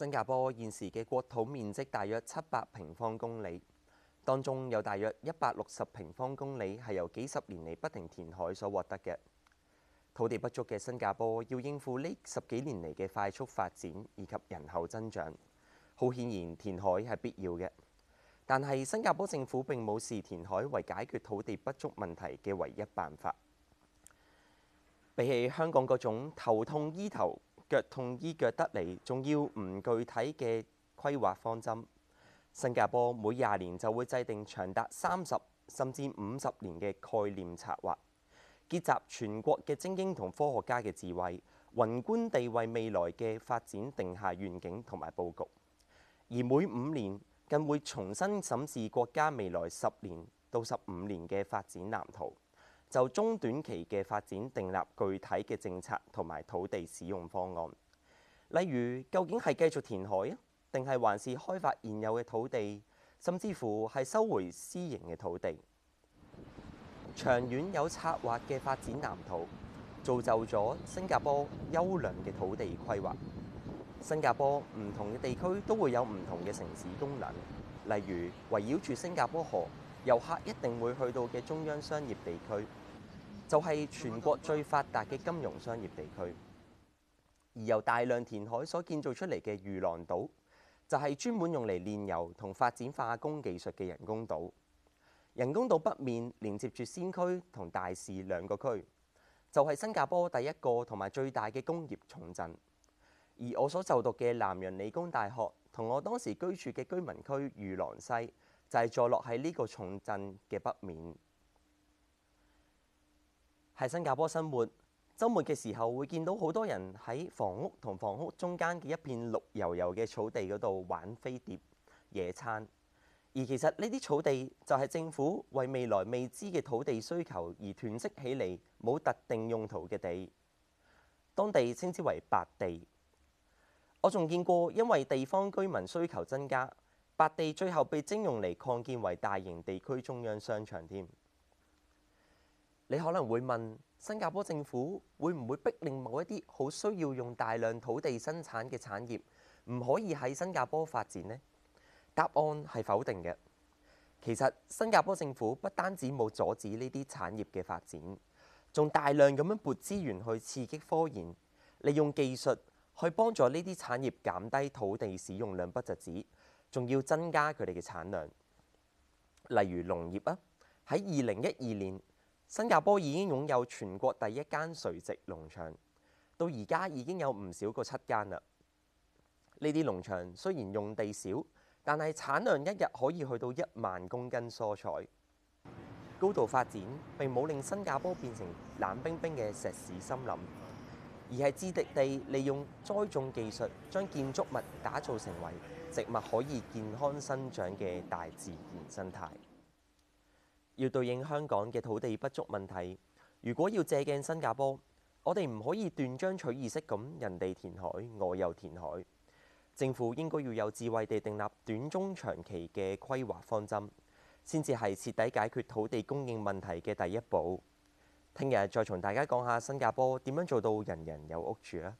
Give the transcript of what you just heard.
新加坡現時嘅國土面積大約七百平方公里，當中有大約一百六十平方公里係由幾十年嚟不停填海所獲得嘅。土地不足嘅新加坡要應付呢十幾年嚟嘅快速發展以及人口增長，好顯然填海係必要嘅。但係新加坡政府並冇視填海為解決土地不足問題嘅唯一辦法。比起香港嗰種頭痛醫頭，腳痛醫腳得嚟，仲要唔具體嘅規劃方針。新加坡每廿年就會制定長達三十甚至五十年嘅概念策劃，結集全國嘅精英同科學家嘅智慧，宏觀地為未來嘅發展定下願景同埋佈局。而每五年，更會重新審視國家未來十年到十五年嘅發展藍圖。就中短期嘅發展，訂立具體嘅政策同埋土地使用方案。例如，究竟係繼續填海啊，定係還是開發現有嘅土地，甚至乎係收回私營嘅土地。長遠有策劃嘅發展藍圖，造就咗新加坡優良嘅土地規劃。新加坡唔同嘅地區都會有唔同嘅城市功能，例如圍繞住新加坡河，遊客一定會去到嘅中央商業地區。就係全國最發達嘅金融商業地區，而由大量填海所建造出嚟嘅裕廊島，就係、是、專門用嚟煉油同發展化工技術嘅人工島。人工島北面連接住先驅同大士兩個區，就係、是、新加坡第一個同埋最大嘅工業重鎮。而我所就讀嘅南洋理工大學同我當時居住嘅居民區裕廊西，就係、是、坐落喺呢個重鎮嘅北面。喺新加坡生活，周末嘅時候會見到好多人喺房屋同房屋中間嘅一片綠油油嘅草地嗰度玩飛碟、野餐。而其實呢啲草地就係政府為未來未知嘅土地需求而囤積起嚟冇特定用途嘅地，當地稱之為白地。我仲見過因為地方居民需求增加，白地最後被徵用嚟擴建為大型地區中央商場添。你可能會問：新加坡政府會唔會逼令某一啲好需要用大量土地生產嘅產業唔可以喺新加坡發展呢？答案係否定嘅。其實新加坡政府不單止冇阻止呢啲產業嘅發展，仲大量咁樣撥資源去刺激科研，利用技術去幫助呢啲產業減低土地使用量不特止，仲要增加佢哋嘅產量，例如農業啊。喺二零一二年，新加坡已經擁有全國第一間垂直農場，到而家已經有唔少過七間啦。呢啲農場雖然用地少，但係產量一日可以去到一萬公斤蔬菜。高度發展並冇令新加坡變成冷冰冰嘅石屎森林，而係致力地利用栽種技術，將建築物打造成為植物可以健康生長嘅大自然生態。要對應香港嘅土地不足問題，如果要借鏡新加坡，我哋唔可以斷章取義式咁人哋填海，我又填海。政府應該要有智慧地訂立短中長期嘅規劃方針，先至係徹底解決土地供應問題嘅第一步。聽日再同大家講下新加坡點樣做到人人有屋住呢。